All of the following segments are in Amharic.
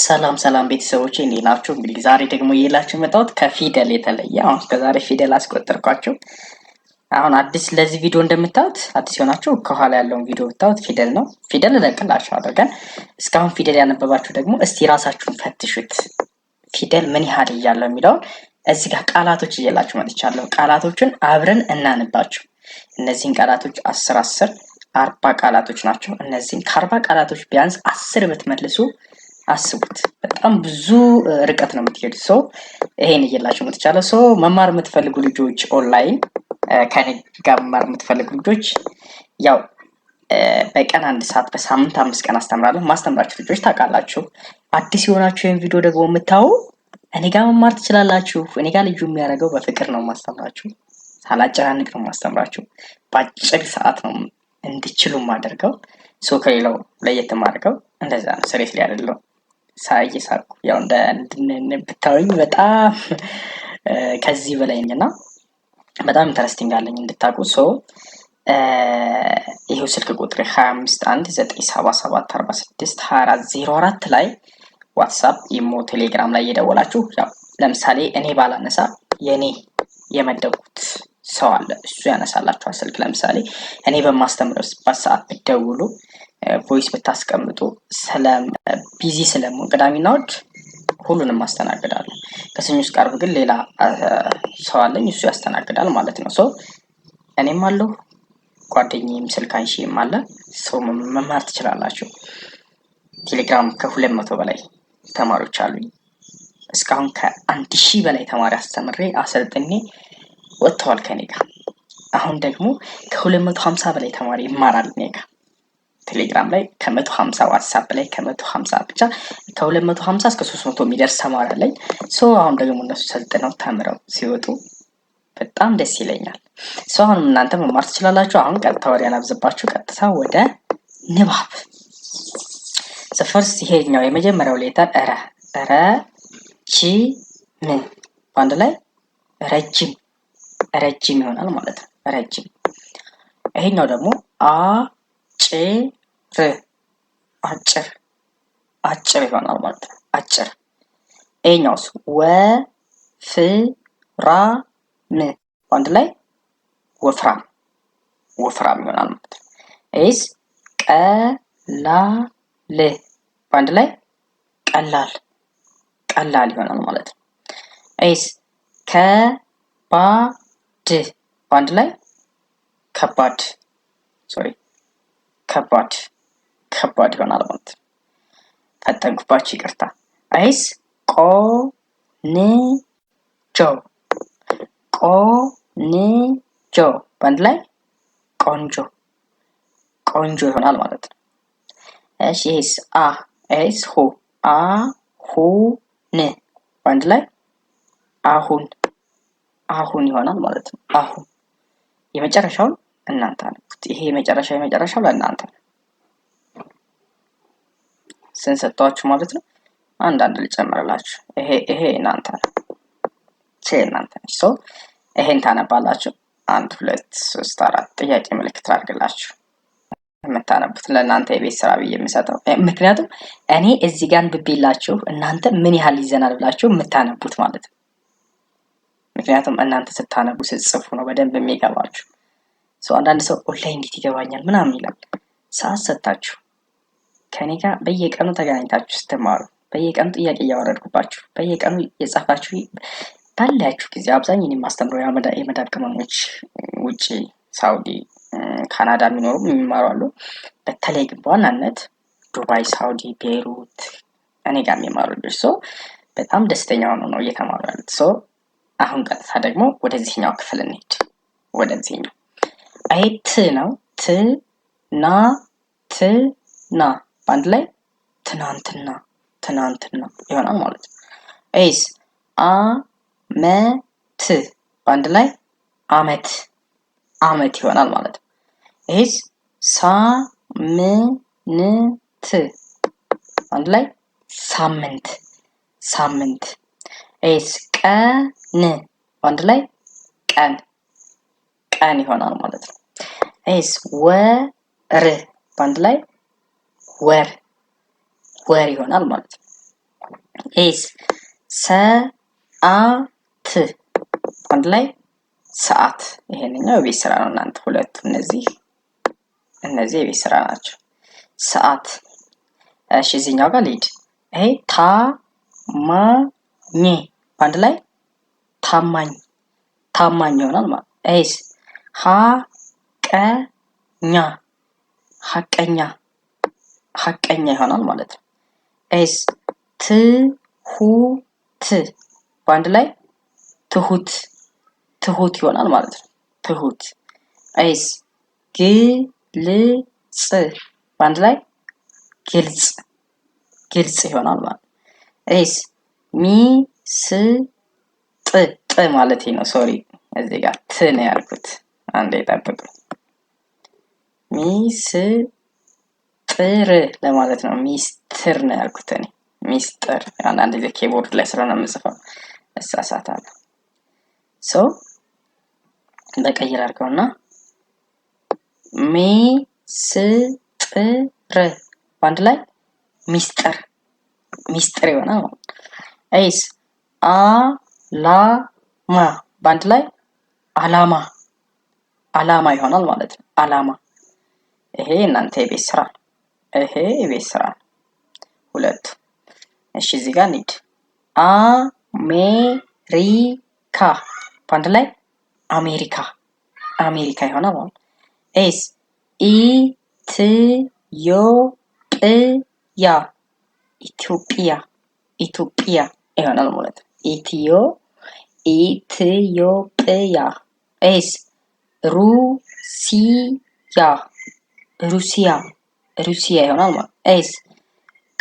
ሰላም ሰላም ቤተሰቦች እንዴት ናችሁ? እንግዲህ ዛሬ ደግሞ የላችሁ መጣሁት ከፊደል የተለየ አሁን ዛሬ ፊደል አስቆጠርኳቸው። አሁን አዲስ ለዚህ ቪዲዮ እንደምታዩት አዲስ የሆናችሁ ከኋላ ያለውን ቪዲዮ ብታዩት ፊደል ነው። ፊደል እለቅላችሁ አድርገን እስካሁን ፊደል ያነበባችሁ ደግሞ እስቲ ራሳችሁን ፈትሹት። ፊደል ምን ያህል እያለው የሚለውን እዚህ ጋር ቃላቶች እየላችሁ መጥቻለሁ። ቃላቶቹን አብረን እናንባቸው። እነዚህን ቃላቶች አስር አስር አርባ ቃላቶች ናቸው። እነዚህን ከአርባ ቃላቶች ቢያንስ አስር ብትመልሱ አስቡት በጣም ብዙ ርቀት ነው የምትሄዱ። ሰው ይሄን እየላችሁ የምትቻለ ሰው መማር የምትፈልጉ ልጆች ኦንላይን ከኔ ጋር መማር የምትፈልጉ ልጆች ያው በቀን አንድ ሰዓት በሳምንት አምስት ቀን አስተምራለሁ። ማስተምራችሁ ልጆች ታውቃላችሁ። አዲስ የሆናችሁ ወይም ቪዲዮ ደግሞ የምታዩ እኔ ጋር መማር ትችላላችሁ። እኔ ጋር ልዩ የሚያደርገው በፍቅር ነው ማስተምራችሁ፣ ሳላጨናንቅ ነው ማስተምራችሁ። በአጭር ሰዓት ነው እንዲችሉ ማደርገው ሰው ከሌላው ለየት ማድርገው እንደዛ ነው። ስሬት ላይ አይደለሁም። ሳይ ሳቁ ያው እንደ ብታዩኝ በጣም ከዚህ በላይኝ እና በጣም ኢንተረስቲንግ አለኝ እንድታቁ ሶ ይህ ስልክ ቁጥር 25 1 ላይ ዋትሳፕ፣ ኢሞ፣ ቴሌግራም ላይ እየደወላችሁ ያው ለምሳሌ እኔ ባላነሳ የእኔ የመደቡት ሰው አለ እሱ ያነሳላችኋል ስልክ። ለምሳሌ እኔ በማስተምርበት ሰዓት ብደውሉ ቮይስ ብታስቀምጡ ቢዚ ስለመሆን ቅዳሜና እሑድ ሁሉንም አስተናግዳለሁ። ከሰኞ እስከ ዓርብ ግን ሌላ ሰው አለኝ እሱ ያስተናግዳል ማለት ነው። ሰው እኔም አለሁ ጓደኛዬም ስልክ አንሺም አለ። ሰው መማር ትችላላችሁ። ቴሌግራም ከሁለት መቶ በላይ ተማሪዎች አሉኝ። እስካሁን ከአንድ ሺህ በላይ ተማሪ አስተምሬ አሰልጥኔ ወጥተዋል ከኔ ጋር። አሁን ደግሞ ከሁለት መቶ ሀምሳ በላይ ተማሪ ይማራል እኔ ጋር። ቴሌግራም ላይ ከመቶ ሀምሳ ዋትሳፕ ላይ ከመቶ ሀምሳ ብቻ ከሁለት መቶ ሀምሳ እስከ ሶስት መቶ የሚደርስ ተማሪ አለኝ። ሶ አሁን ደግሞ እነሱ ሰልጥነው ተምረው ሲወጡ በጣም ደስ ይለኛል። ሶ አሁንም እናንተ መማር ትችላላችሁ። አሁን ቀጥታ ወደ ያናብዝባችሁ ቀጥታ ወደ ንባብ ስፈርስ ይሄኛው የመጀመሪያው ሌተር ረ ረ ቺ ምን በአንድ ላይ ረጅም ረጅም ይሆናል ማለት ነው። ረጅም ይሄኛው ደግሞ አ አጭር አጭር አጭር ይሆናል ማለት ነው። አጭር ይሄኛውስ ወፍራም አንድ ላይ ወፍራም ወፍራም ይሆናል ማለት ነው። ይህስ ቀላል በአንድ ላይ ቀላል ቀላል ይሆናል ማለት ነው። ይህስ ከባድ በአንድ ላይ ከባድ ሶሪ ከባድ ከባድ ይሆናል ማለት ነው። ፈጠንኩባችሁ ይቅርታ። አይስ ቆንጆ ጆ በአንድ ላይ ቆንጆ ቆንጆ ይሆናል ማለት ነው። እሺ ኤስ አ ኤስ ሁ አ ሁ ን በአንድ ላይ አሁን አሁን ይሆናል ማለት ነው። አሁን የመጨረሻውን እናንተ አልፉት። ይሄ የመጨረሻ የመጨረሻው ለእናንተ ስን ሰጠኋችሁ ማለት ነው። አንዳንድ ልጨምርላችሁ። ይሄ ይሄ እናንተ ነው። ቼ እናንተ ነች። ሶ ይሄን ታነባላችሁ። አንድ ሁለት ሶስት አራት ጥያቄ ምልክት አድርግላችሁ የምታነቡት ለእናንተ የቤት ስራ ብዬ የምሰጠው ምክንያቱም እኔ እዚህ ጋር ብቤላችሁ እናንተ ምን ያህል ይዘናል ብላችሁ የምታነቡት ማለት ነው። ምክንያቱም እናንተ ስታነቡ ስትጽፉ ነው በደንብ የሚገባችሁ። ሰው አንዳንድ ሰው ኦንላይን እንዴት ይገባኛል ምናምን ይላል። ሰዓት ሰጥታችሁ ከኔ ጋር በየቀኑ ተገናኝታችሁ ስትማሩ፣ በየቀኑ ጥያቄ እያወረድኩባችሁ፣ በየቀኑ የጻፋችሁ ባላችሁ ጊዜ አብዛኛው እኔ የማስተምረው የመዳብ ቅመሞች ውጭ ሳውዲ፣ ካናዳ የሚኖሩም የሚማሩ አሉ። በተለይ ግን በዋናነት ዱባይ፣ ሳውዲ፣ ቤይሩት እኔ ጋር የሚማሩ ልጆች ሰው በጣም ደስተኛ ሆኖ ነው እየተማሩ ያሉት። ሰው አሁን ቀጥታ ደግሞ ወደዚህኛው ክፍል እንሄድ ወደዚህኛው አይት ት ነው። ት ና ት ና በአንድ ላይ ትናንትና ትናንትና ይሆናል ማለት ነው። ኤስ አ መ ት በአንድ ላይ አመት አመት ይሆናል ማለት ነው። ኤስ ሳ ም ን ት አንድ ላይ ሳምንት ሳምንት ኤስ ቀን በአንድ ላይ ቀን ቀን ይሆናል ማለት ነው። ይስ ወር በአንድ ላይ ወር ወር ይሆናል ማለት ነው። ይስ ሰአት በአንድ ላይ ሰዓት። ይሄንኛው የቤት ስራ ነው እናንተ ሁለቱ እነዚህ እነዚህ የቤት ስራ ናቸው። ሰዓት። እሺ እዚህኛው ጋር ልሂድ። ይሄ ታማኝ በአንድ ላይ ታማኝ ታማኝ ይሆናል ማለት ነው። ሀቀኛ ሀቀኛ ሀቀኛ ይሆናል ማለት ነው። ኤስ ትሁት በአንድ ላይ ትሁት ትሁት ይሆናል ማለት ነው። ትሁት ኤስ ግልጽ በአንድ ላይ ግልጽ ግልጽ ይሆናል ማለት ነው። ኤስ ሚስጥ ጥ ማለት ነው። ሶሪ እዚህ ጋር ት ነው ያልኩት። አንድ የጠብቅ ሚስጥር ለማለት ነው። ሚስትር ነው ያልኩት እኔ ሚስጥር። አንዳንድ ጊዜ ኬቦርድ ላይ ስለሆነ የምጽፈው እሳሳታለሁ። ሰው በቀይር እና ሚስጥር በአንድ ላይ ሚስጥር ሚስጥር የሆነ ነው። ኤስ አላማ በአንድ ላይ አላማ አላማ ይሆናል ማለት ነው። አላማ ይሄ እናንተ የቤት ስራ ይሄ የቤት ስራ ነው። ሁለቱ እሺ፣ እዚህ ጋር እንሂድ። አሜሪካ በአንድ ላይ አሜሪካ አሜሪካ ይሆናል ማለት ነው። ኤስ ኢትዮጵያ ኢትዮጵያ ኢትዮጵያ ይሆናል ማለት ነው። ኢትዮ ኢትዮጵያ ኤስ ሩሲያ ሩሲያ ሩሲያ ይሆናል ማለት ኤስ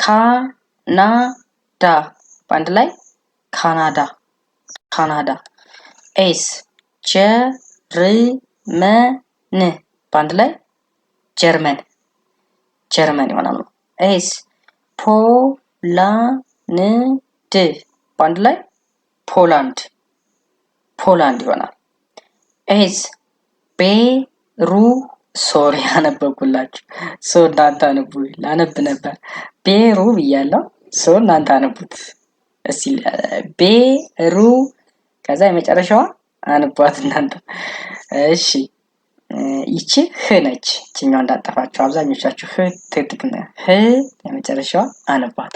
ካናዳ በአንድ ላይ ካናዳ ካናዳ ኤስ ጀርመን በአንድ ላይ ጀርመን ጀርመን ይሆናል ማለት ኤስ ፖላንድ በአንድ ላይ ፖላንድ ፖላንድ ይሆናል ኤስ ቤሩ ሶሪ አነበብኩላችሁ። ሶ እናንተ አነቡ። ላነብ ነበር ቤሩ ብያለው። ሶ እናንተ አነቡት እስቲ። ቤሩ ከዛ የመጨረሻዋ አንቧት እናንተ። እሺ ይቺ ህ ነች። ይችኛዋ እንዳጠፋችሁ አብዛኞቻችሁ ህ ትጥቅ ነ ህ የመጨረሻዋ አነባት።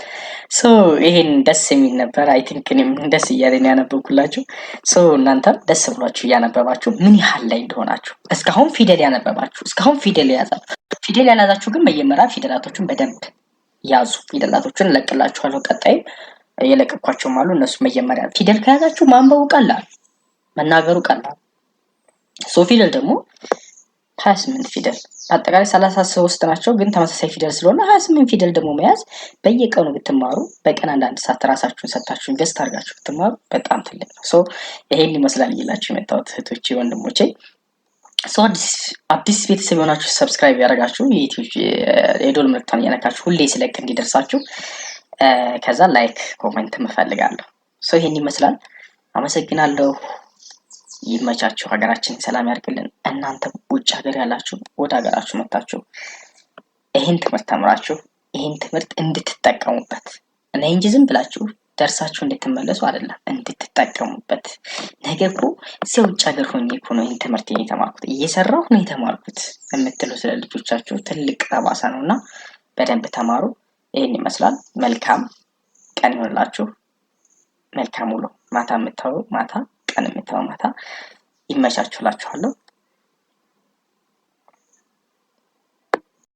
ሶ ይሄን ደስ የሚል ነበር። አይ ቲንክ እኔም ደስ እያለን ያነበብኩላችሁ። ሶ እናንተም ደስ ብሏችሁ እያነበባችሁ ምን ያህል ላይ እንደሆናችሁ እስካሁን ፊደል ያነበባችሁ እስካሁን ፊደል የያዛችሁ ፊደል ያልያዛችሁ ግን መጀመሪያ ፊደላቶችን በደንብ ያዙ። ፊደላቶችን እለቅላችኋለሁ። ቀጣይም የለቀኳቸውም አሉ። እነሱ መጀመሪያ ፊደል ከያዛችሁ ማንበቡ ቀላል፣ መናገሩ ቀላል። ሶ ፊደል ደግሞ 28 ፊደል አጠቃላይ 33 ናቸው፣ ግን ተመሳሳይ ፊደል ስለሆነ 28 ፊደል ደግሞ መያዝ በየቀኑ ብትማሩ በቀን አንዳንድ ሰዓት ራሳችሁን ሰጥታችሁ ኢንቨስት አድርጋችሁ ብትማሩ በጣም ትልቅ ነው። ሶ ይሄን ይመስላል እየላችሁ የመጣሁት እህቶች ወንድሞቼ። ሰው አዲስ ቤተሰብ የሆናችሁ ሰብስክራይብ ያደረጋችሁ የዶል ምልክቷን እያነካችሁ ሁሌ ስለቅ እንዲደርሳችሁ ከዛ ላይክ ኮሜንት እፈልጋለሁ። ሰው ይሄን ይመስላል። አመሰግናለሁ። ይመቻችሁ፣ ሀገራችን ሰላም ያርግልን። እናንተ ውጭ ሀገር ያላችሁ ወደ ሀገራችሁ መጥታችሁ ይህን ትምህርት ተምራችሁ ይህን ትምህርት እንድትጠቀሙበት እና እንጂ ዝም ብላችሁ ደርሳችሁ እንድትመለሱ አይደለም፣ እንድትጠቀሙበት። ነገ እኮ እዚያ ውጭ ሀገር ሆኜ እኮ ነው ይህን ትምህርት የተማርኩት እየሰራሁ ነው የተማርኩት የምትሉ ስለ ልጆቻችሁ ትልቅ ጠባሳ ነው እና በደንብ ተማሩ። ይህን ይመስላል። መልካም ቀን ይሆንላችሁ። መልካም ውሎ። ማታ የምታወሩ ማታ ቀን የምትለው ማታ ይመቻችሁላችኋለሁ።